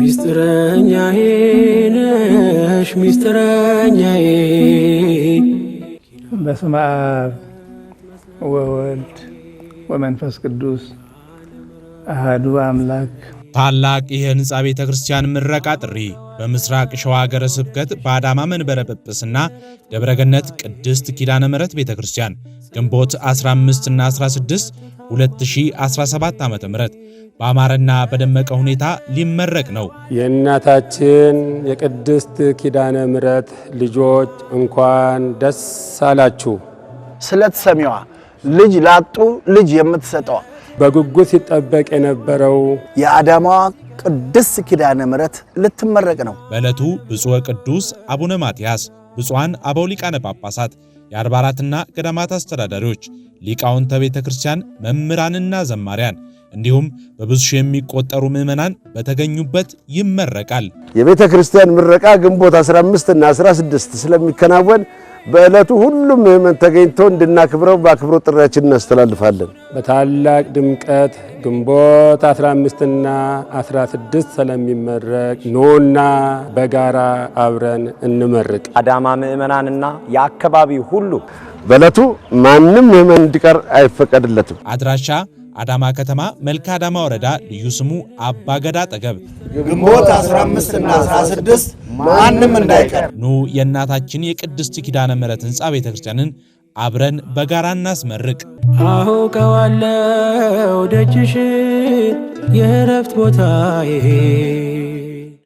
ሚስጥረኛዬ ሚስጥረኛዬ። በስመ አብ ወወልድ ወመንፈስ ቅዱስ አህዱ አምላክ። ታላቅ የህንፃ ቤተ ክርስቲያን ምረቃ ጥሪ በምስራቅ ሸዋ ሀገረ ስብከት በአዳማ መንበረ ጵጵስና ደብረገነት ቅድስት ኪዳነ ምሕረት ቤተ ክርስቲያን ግንቦት 15 እና 16 2017 ዓ.ም በአማረና በደመቀ ሁኔታ ሊመረቅ ነው። የእናታችን የቅድስት ኪዳነ ምረት ልጆች እንኳን ደስ አላችሁ። ስለት ሰሚዋ ልጅ ላጡ ልጅ የምትሰጠዋ በጉጉት ሲጠበቅ የነበረው የአዳማዋ ቅድስት ኪዳነ ምረት ልትመረቅ ነው። በዕለቱ ብፁዕ ቅዱስ አቡነ ማትያስ፣ ብፁዓን አበው ሊቃነ ጳጳሳት የአርባራትና ገዳማት አስተዳዳሪዎች፣ ሊቃውንተ ቤተ ክርስቲያን፣ መምህራንና ዘማሪያን እንዲሁም በብዙ ሺህ የሚቆጠሩ ምዕመናን በተገኙበት ይመረቃል። የቤተ ክርስቲያን ምረቃ ግንቦት 15 እና 16 ስለሚከናወን በዕለቱ ሁሉም ምዕመን ተገኝቶ እንድናክብረው በአክብሮ ጥሪያችን እናስተላልፋለን። በታላቅ ድምቀት ግንቦት 15ና 16 ስለሚመረቅ ኖና በጋራ አብረን እንመርቅ። አዳማ ምዕመናንና የአካባቢ ሁሉ በዕለቱ ማንም ምዕመን እንዲቀር አይፈቀድለትም። አድራሻ አዳማ ከተማ መልካ አዳማ ወረዳ ልዩ ስሙ አባገዳ አጠገብ ግንቦት 15ና 16 ማንም እንዳይቀር ኑ የእናታችን የቅድስት ኪዳነ ምሕረት ሕንፃ ቤተ ክርስቲያንን አብረን በጋራ እናስመርቅ። አውቀዋለሁ ደጅሽ የእረፍት ቦታዬ